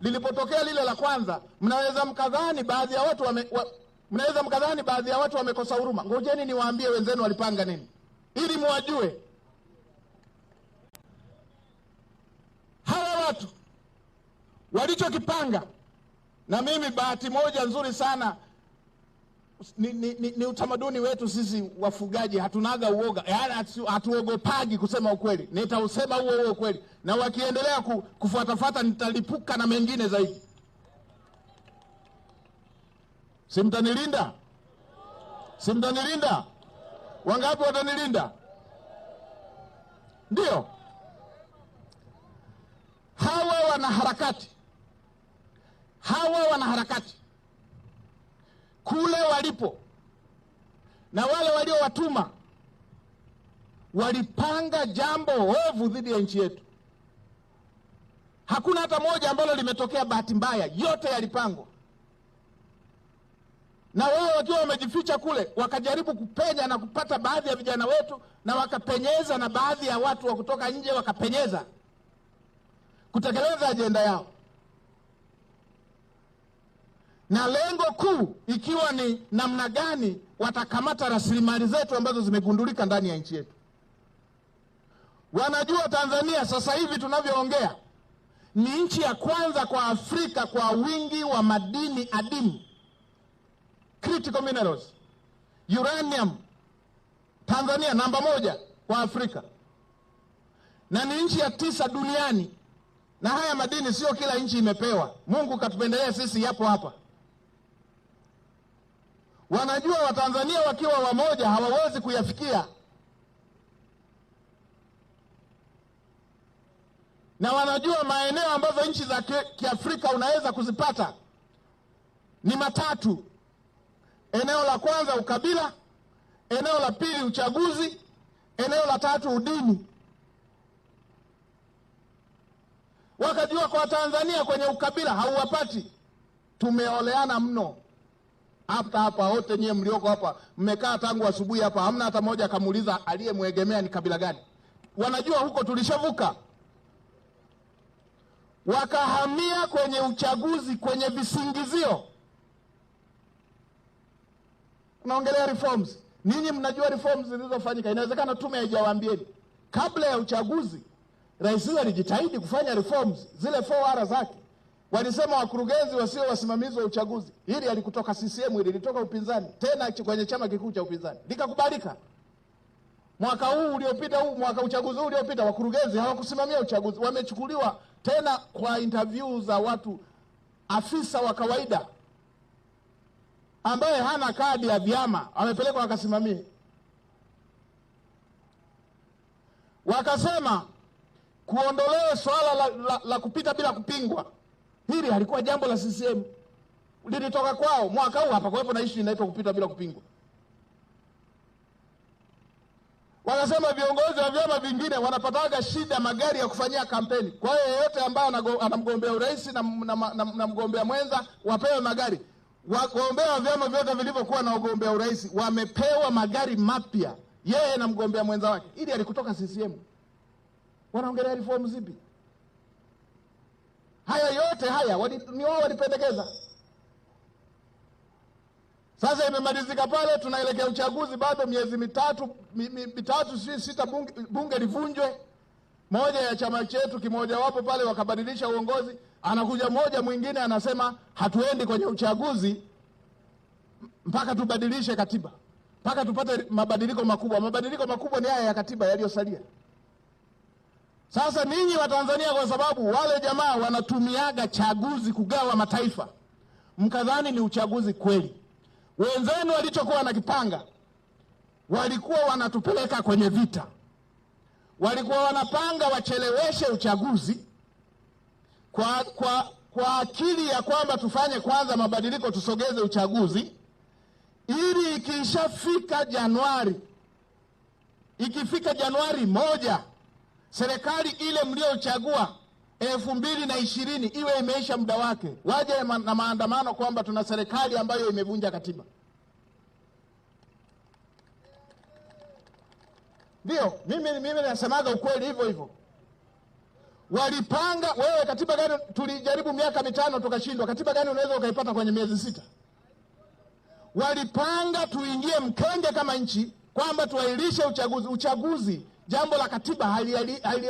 lilipotokea lile la kwanza, mnaweza mkadhani baadhi ya watu wame, wa, mnaweza mkadhani baadhi ya watu wamekosa huruma. Ngojeni niwaambie wenzenu walipanga nini, ili mwajue hawa watu walichokipanga. Na mimi bahati moja nzuri sana ni, ni, ni, ni utamaduni wetu sisi wafugaji, hatunaga uoga, yaani hatuogopagi kusema ukweli. Nitausema huo huo ukweli, na wakiendelea ku, kufuatafuata nitalipuka na mengine zaidi. Simtanilinda, simtanilinda. Wangapi watanilinda? Ndio hawa wanaharakati, hawa wanaharakati kule walipo na wale waliowatuma walipanga jambo ovu dhidi ya nchi yetu. Hakuna hata moja ambalo limetokea bahati mbaya, yote yalipangwa. Na wao wakiwa wamejificha kule, wakajaribu kupenya na kupata baadhi ya vijana wetu, na wakapenyeza, na baadhi ya watu wa kutoka nje wakapenyeza kutekeleza ajenda yao na lengo kuu ikiwa ni namna gani watakamata rasilimali zetu ambazo zimegundulika ndani ya nchi yetu. Wanajua Tanzania sasa hivi tunavyoongea ni nchi ya kwanza kwa Afrika kwa wingi wa madini adimu, critical minerals, uranium. Tanzania namba moja kwa Afrika na ni nchi ya tisa duniani, na haya madini sio kila nchi imepewa. Mungu katupendelea sisi, yapo hapa. Wanajua Watanzania wakiwa wamoja hawawezi kuyafikia, na wanajua maeneo ambazo nchi za Kiafrika unaweza kuzipata ni matatu. Eneo la kwanza ukabila, eneo la pili uchaguzi, eneo la tatu udini. Wakajua kwa Tanzania kwenye ukabila hauwapati, tumeoleana mno hapa hapa wote nyie mlioko hapa mmekaa tangu asubuhi hapa, hamna hata mmoja akamuuliza aliyemwegemea ni kabila gani. Wanajua huko tulishavuka, wakahamia kwenye uchaguzi, kwenye visingizio. Tunaongelea reforms, ninyi mnajua reforms zilizofanyika. Inawezekana tume haijawaambieni kabla ya uchaguzi. Rais huyo alijitahidi kufanya reforms zile 4R zake Walisema wakurugenzi wasio wasimamizi wa uchaguzi. Hili alikutoka CCM, hili lilitoka upinzani, tena kwenye chama kikuu cha upinzani likakubalika. Mwaka huu uliopita, huu mwaka uchaguzi huu uliopita, wakurugenzi hawakusimamia uchaguzi, wamechukuliwa tena kwa interview za watu, afisa wa kawaida ambaye hana kadi ya vyama amepelekwa akasimamie. Wakasema kuondolewe swala la, la, la kupita bila kupingwa Hili halikuwa jambo la CCM, lilitoka kwao mwaka huu hapa kuwepo na issue inaitwa kupita bila kupingwa. Wanasema viongozi wa vyama vingine wanapataga shida magari ya kufanyia kampeni. Kwa hiyo yeyote ambaye anamgombea urais na, na, na, na mgombea mwenza wapewe magari. Wagombea wa vyama vyote vilivyokuwa na ugombea urais wamepewa magari mapya, yeye na mgombea mwenza wake. Ili alikutoka CCM, wanaongelea reform zipi? Haya yote haya ni wao walipendekeza. Sasa imemalizika pale, tunaelekea uchaguzi, bado miezi mitatu mitatu si sita, bunge, bunge livunjwe. Moja ya chama chetu kimojawapo pale wakabadilisha uongozi, anakuja moja mwingine anasema hatuendi kwenye uchaguzi mpaka tubadilishe katiba, mpaka tupate mabadiliko makubwa. Mabadiliko makubwa ni haya ya katiba yaliyosalia. Sasa ninyi Watanzania, kwa sababu wale jamaa wanatumiaga chaguzi kugawa mataifa, mkadhani ni uchaguzi kweli. Wenzenu walichokuwa wanakipanga, walikuwa wanatupeleka kwenye vita, walikuwa wanapanga wacheleweshe uchaguzi kwa, kwa, kwa akili ya kwamba tufanye kwanza mabadiliko, tusogeze uchaguzi ili ikishafika Januari, ikifika Januari moja serikali ile mliochagua elfu mbili na ishirini iwe imeisha muda wake, waje na maandamano kwamba tuna serikali ambayo imevunja katiba. Ndiyo, mimi mimi nasemaga ukweli hivyo hivyo. Walipanga wewe, katiba gani? Tulijaribu miaka mitano tukashindwa. Katiba gani unaweza ukaipata kwenye miezi sita? Walipanga tuingie mkenge kama nchi kwamba tuahirishe uchaguzi. Uchaguzi jambo la katiba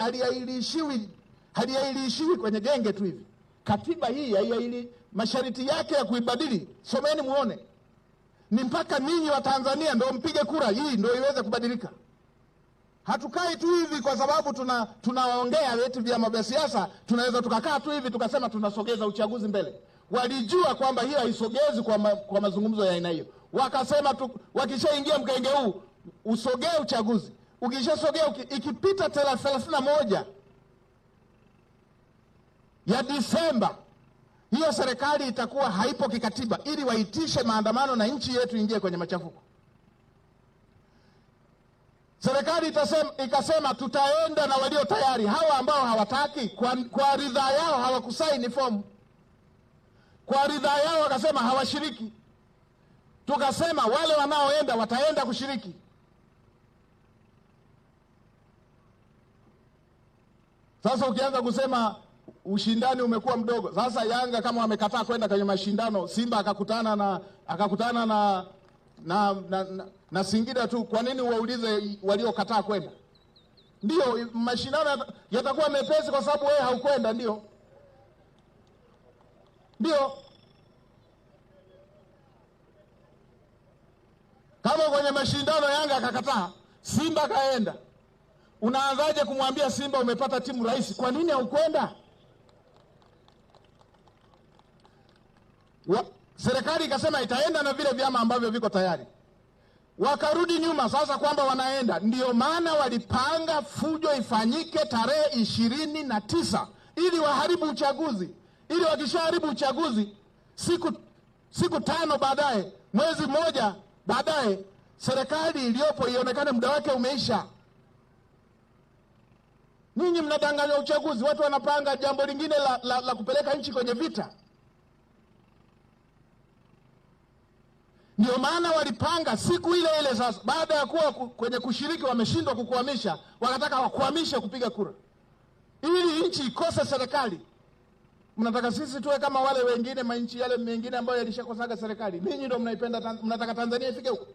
haliailishiwi hali kwenye genge tu hivi. Katiba hii haiaili, masharti yake ya kuibadili someni muone, ni mpaka ninyi wa Tanzania ndio mpige kura hii ndio iweze kubadilika. Hatukai tu hivi kwa sababu tuna tunaongea eti vyama vya siasa, tunaweza tukakaa tu hivi tukasema tunasogeza uchaguzi mbele. Walijua kwamba hiyo haisogezi kwa, ma, kwa mazungumzo ya aina hiyo, wakasema wakishaingia mkenge huu usogee uchaguzi ukishasogea ikipita thelathini na moja ya Disemba hiyo serikali itakuwa haipo kikatiba, ili waitishe maandamano na nchi yetu ingie kwenye machafuko. Serikali itasema, ikasema tutaenda na walio tayari. Hawa ambao hawataki kwa, kwa ridhaa yao hawakusaini fomu, kwa ridhaa yao wakasema hawashiriki. Tukasema wale wanaoenda wataenda kushiriki. Sasa ukianza kusema ushindani umekuwa mdogo, sasa Yanga kama wamekataa kwenda kwenye mashindano, Simba akakutana na akakutana na na, na, na, na Singida tu, kwa nini waulize waliokataa kwenda? Ndio mashindano yatakuwa mepesi kwa sababu wewe haukwenda. Ndio, ndio kama kwenye mashindano Yanga akakataa, Simba kaenda Unaanzaje kumwambia Simba umepata timu rahisi? Kwa nini haukwenda? Serikali ikasema itaenda na vile vyama ambavyo viko tayari, wakarudi nyuma sasa kwamba wanaenda. Ndiyo maana walipanga fujo ifanyike tarehe ishirini na tisa ili waharibu uchaguzi, ili wakishaharibu uchaguzi siku, siku tano baadaye, mwezi mmoja baadaye, serikali iliyopo ionekane muda wake umeisha. Ninyi mnadanganya uchaguzi, watu wanapanga jambo lingine la, la, la kupeleka nchi kwenye vita. Ndio maana walipanga siku ile ile. Sasa baada ya kuwa kwenye kushiriki wameshindwa kukuhamisha, wakataka wakuhamishe kupiga kura ili nchi ikose serikali. Mnataka sisi tuwe kama wale wengine, manchi yale mengine ambayo yalishakosaga serikali? Ninyi ndio mnaipenda, mnataka Tanzania ifike huko?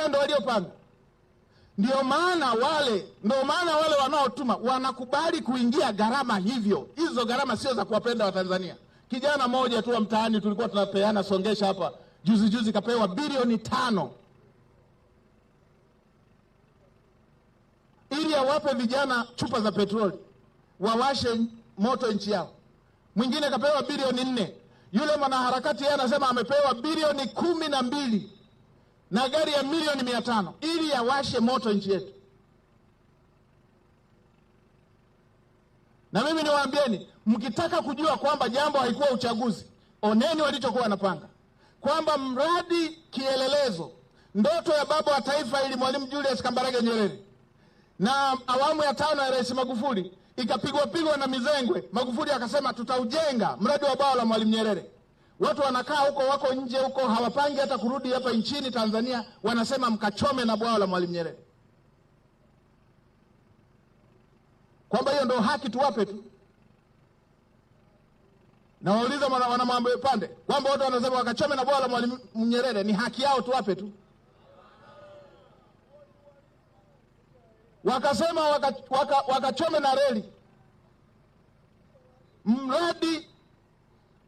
hayo ndo waliopanga. Ndio maana wale ndio maana wale wanaotuma wanakubali kuingia gharama hivyo. Hizo gharama sio za kuwapenda Watanzania. Kijana mmoja tu wa mtaani tulikuwa tunapeana songesha hapa juzi juzi, kapewa bilioni tano ili awape vijana chupa za petroli wawashe moto nchi yao. Mwingine kapewa bilioni nne. Yule mwanaharakati yeye anasema amepewa bilioni kumi na mbili na gari ya milioni mia tano ili yawashe moto nchi yetu. Na mimi niwaambieni, mkitaka kujua kwamba jambo haikuwa uchaguzi, oneni walichokuwa wanapanga, kwamba mradi kielelezo, ndoto ya baba wa taifa ili Mwalimu Julius Kambarage Nyerere na awamu ya tano ya Rais Magufuli ikapigwa pigwa na mizengwe, Magufuli akasema tutaujenga mradi wa bwawa la Mwalimu Nyerere. Watu wanakaa huko, wako nje huko, hawapangi hata kurudi hapa nchini Tanzania, wanasema mkachome na bwawa la Mwalimu Nyerere, kwamba hiyo ndio haki tuwape tu. Nawauliza wanamwambia pande kwamba watu wanasema wakachome na bwawa la Mwalimu Nyerere, ni haki yao tuwape tu. Wakasema wakachome waka, waka na reli mradi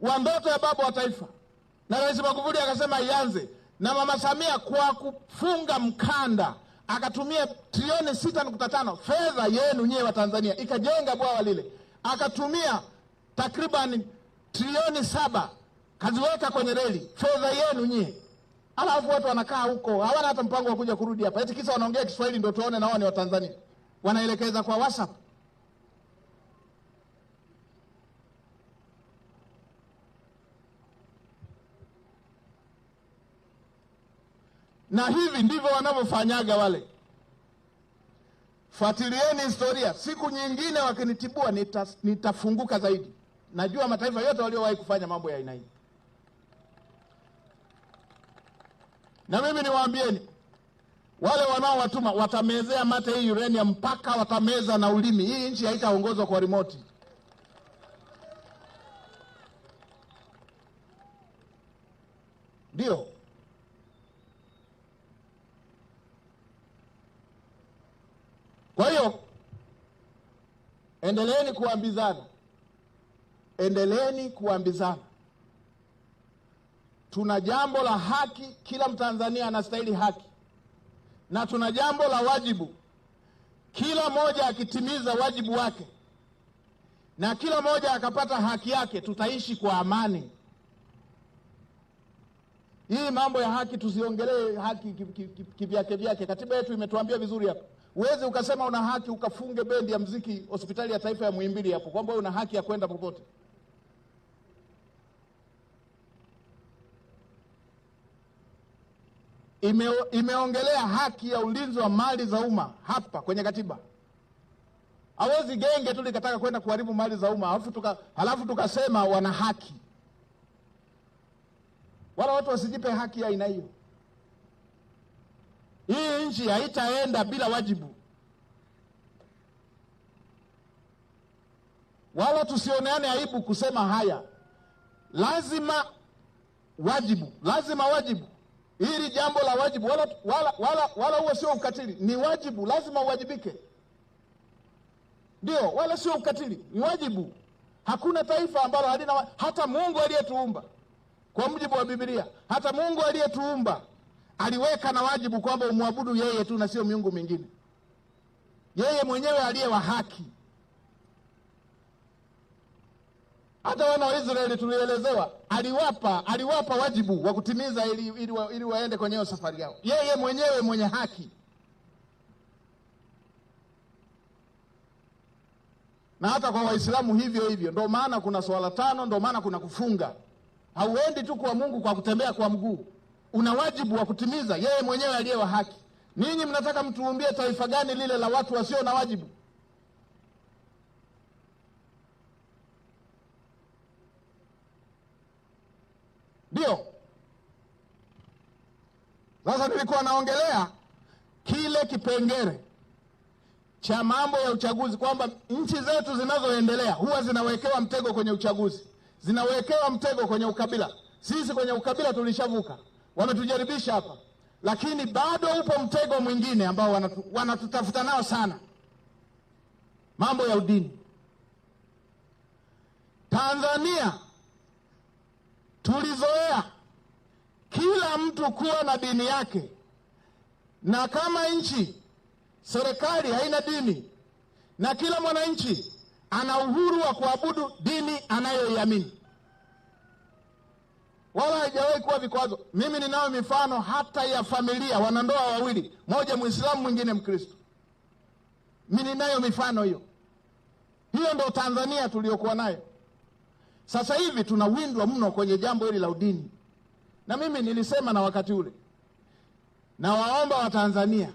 wa ndoto ya baba wa taifa, na Rais Magufuli akasema ianze, na Mama Samia kwa kufunga mkanda akatumia trilioni sita nukta tano fedha yenu nyewe wa Tanzania, ikajenga bwawa lile, akatumia takriban trilioni saba kaziweka kwenye reli, fedha yenu nyie. Alafu watu wanakaa huko hawana hata mpango wa kuja kurudi hapa, eti kisa wanaongea Kiswahili ndio tuone, na wao ni Watanzania wanaelekeza kwa WhatsApp. na hivi ndivyo wanavyofanyaga wale. Fuatilieni historia, siku nyingine wakinitibua nita, nitafunguka zaidi. Najua mataifa yote waliowahi kufanya mambo ya aina hii, na mimi niwaambieni, wale wanaowatuma watamezea mate hii uranium mpaka watameza na ulimi. Hii nchi haitaongozwa kwa remote. Endeleeni kuambizana, endeleeni kuambizana. Tuna jambo la haki, kila Mtanzania anastahili haki, na tuna jambo la wajibu, kila mmoja akitimiza wajibu wake na kila mmoja akapata haki yake, tutaishi kwa amani. Hii mambo ya haki tusiongelee haki kivyake vyake, katiba yetu imetuambia vizuri hapa huwezi ukasema una haki ukafunge bendi ya mziki hospitali ya taifa ya Muhimbili hapo kwamba una haki ya kwenda popote. Ime, imeongelea haki ya ulinzi wa mali za umma hapa kwenye katiba. Hawezi genge tu likataka kwenda kuharibu mali za umma halafu tuka, halafu tukasema wana haki. Wala watu wasijipe haki ya aina hiyo. Hii nchi haitaenda bila wajibu, wala tusioneane aibu kusema haya. Lazima wajibu, lazima wajibu. Hili jambo la wajibu, wala wala wala wala huo sio ukatili, ni wajibu. Lazima uwajibike, ndio, wala sio ukatili, ni wajibu. Hakuna taifa ambalo halina hata Mungu aliyetuumba kwa mujibu wa Biblia, hata Mungu aliyetuumba aliweka na wajibu kwamba umwabudu yeye tu na sio miungu mingine, yeye mwenyewe aliye wa haki. Hata wana wa Israeli tulielezewa, aliwapa aliwapa wajibu wa kutimiza ili, ili, ili waende kwenye hiyo safari yao, yeye mwenyewe mwenye haki. Na hata kwa Waislamu hivyo hivyo, ndio maana kuna swala tano, ndio maana kuna kufunga. Hauendi tu kwa Mungu kwa kutembea kwa mguu una wajibu wa kutimiza yeye mwenyewe aliye wa haki. Ninyi mnataka mtuumbie taifa gani lile la watu wasio na wajibu? Ndio sasa nilikuwa naongelea kile kipengele cha mambo ya uchaguzi kwamba nchi zetu zinazoendelea huwa zinawekewa mtego kwenye uchaguzi, zinawekewa mtego kwenye ukabila. Sisi kwenye ukabila tulishavuka wametujaribisha hapa, lakini bado upo mtego mwingine ambao wanatu, wanatutafuta nao sana, mambo ya udini. Tanzania tulizoea kila mtu kuwa na dini yake, na kama nchi serikali haina dini na kila mwananchi ana uhuru wa kuabudu dini anayoiamini wala haijawahi kuwa vikwazo. Mimi ninayo mifano hata ya familia, wanandoa wawili, moja Mwislamu mwingine Mkristo. mi ninayo mifano hiyo. Hiyo ndo Tanzania tuliyokuwa nayo. Sasa hivi tunawindwa mno kwenye jambo hili la udini, na mimi nilisema na wakati ule, nawaomba Watanzania,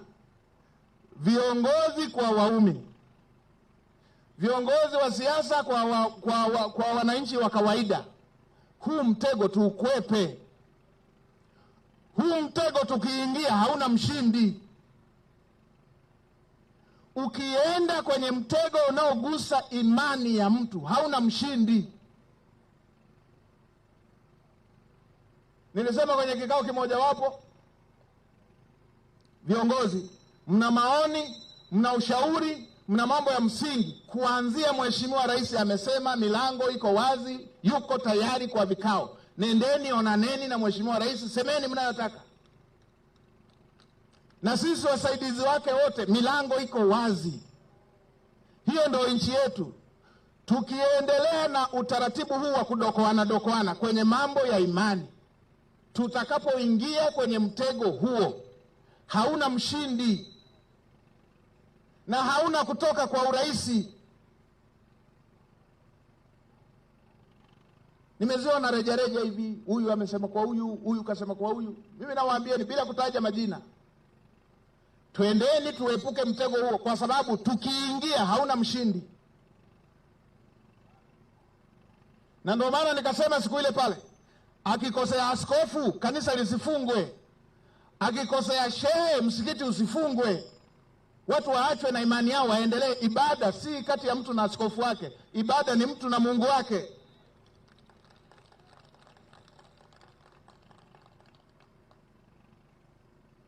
viongozi kwa waumini, viongozi wa siasa kwa, wa, kwa, wa, kwa wananchi wa kawaida huu mtego tuukwepe. Huu mtego tukiingia, hauna mshindi. Ukienda kwenye mtego unaogusa imani ya mtu, hauna mshindi. Nilisema kwenye kikao kimojawapo, viongozi mna maoni, mna ushauri mna mambo ya msingi. Kuanzia Mheshimiwa Rais amesema milango iko wazi, yuko tayari kwa vikao. Nendeni onaneni na Mheshimiwa Rais, semeni mnayotaka, na sisi wasaidizi wake wote, milango iko wazi. Hiyo ndio nchi yetu. Tukiendelea na utaratibu huu wa kudokoana dokoana kwenye mambo ya imani, tutakapoingia kwenye mtego huo, hauna mshindi na hauna kutoka kwa urahisi. Nimeziona rejareja hivi, huyu amesema kwa huyu, huyu kasema kwa huyu. Mimi nawaambieni bila kutaja majina, twendeni tuepuke mtego huo, kwa sababu tukiingia hauna mshindi. Na ndio maana nikasema siku ile pale, akikosea askofu kanisa lisifungwe, akikosea shehe msikiti usifungwe. Watu waachwe na imani yao, waendelee ibada. Si kati ya mtu na askofu wake, ibada ni mtu na Mungu wake.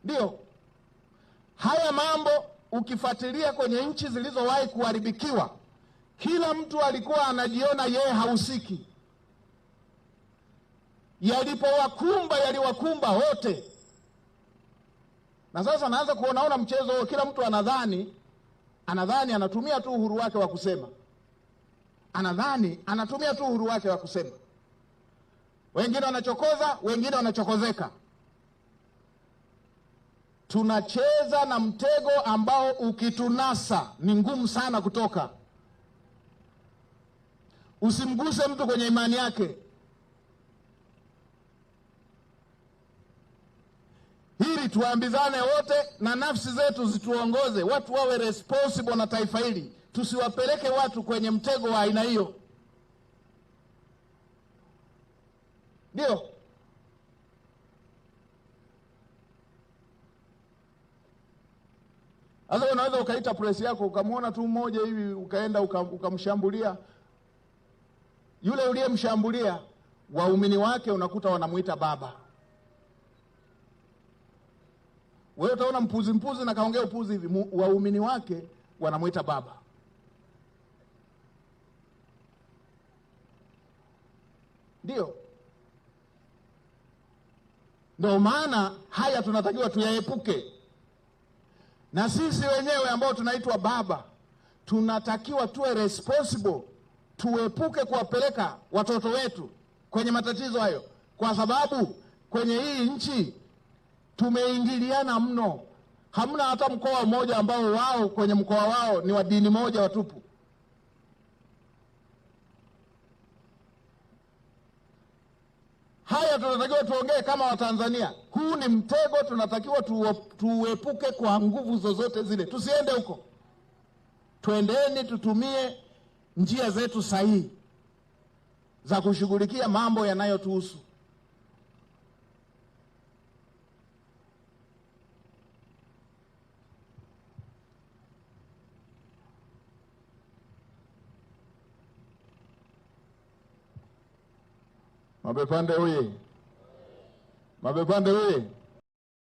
ndio haya mambo ukifuatilia kwenye nchi zilizowahi kuharibikiwa, kila mtu alikuwa anajiona yeye hahusiki. Yalipowakumba yaliwakumba wote. Na sasa naanza kuonaona mchezo huo, kila mtu anadhani anadhani anatumia tu uhuru wake wa kusema, anadhani anatumia tu uhuru wake wa kusema. Wengine wanachokoza, wengine wanachokozeka. Tunacheza na mtego ambao ukitunasa ni ngumu sana kutoka. Usimguse mtu kwenye imani yake. hili tuambizane wote na nafsi zetu zituongoze, watu wawe responsible na taifa hili, tusiwapeleke watu kwenye mtego wa aina hiyo. Ndio sasa unaweza ukaita presi yako ukamwona tu mmoja hivi ukaenda ukamshambulia uka yule uliyemshambulia, waumini wake unakuta wanamwita baba Wewe utaona mpuzi mpuzi na kaongea upuzi hivi, waumini wake wanamwita baba. Ndio, ndio maana haya tunatakiwa tuyaepuke, na sisi wenyewe ambao tunaitwa baba tunatakiwa tuwe responsible, tuepuke kuwapeleka watoto wetu kwenye matatizo hayo, kwa sababu kwenye hii nchi Tumeingiliana mno, hamna hata mkoa mmoja ambao wao kwenye mkoa wao ni wa dini moja watupu. Haya tunatakiwa tuongee kama Watanzania. Huu ni mtego, tunatakiwa tuuepuke kwa nguvu zozote zile, tusiende huko. Twendeni tutumie njia zetu sahihi za kushughulikia mambo yanayotuhusu. Mabepande huye! Mabepande huye!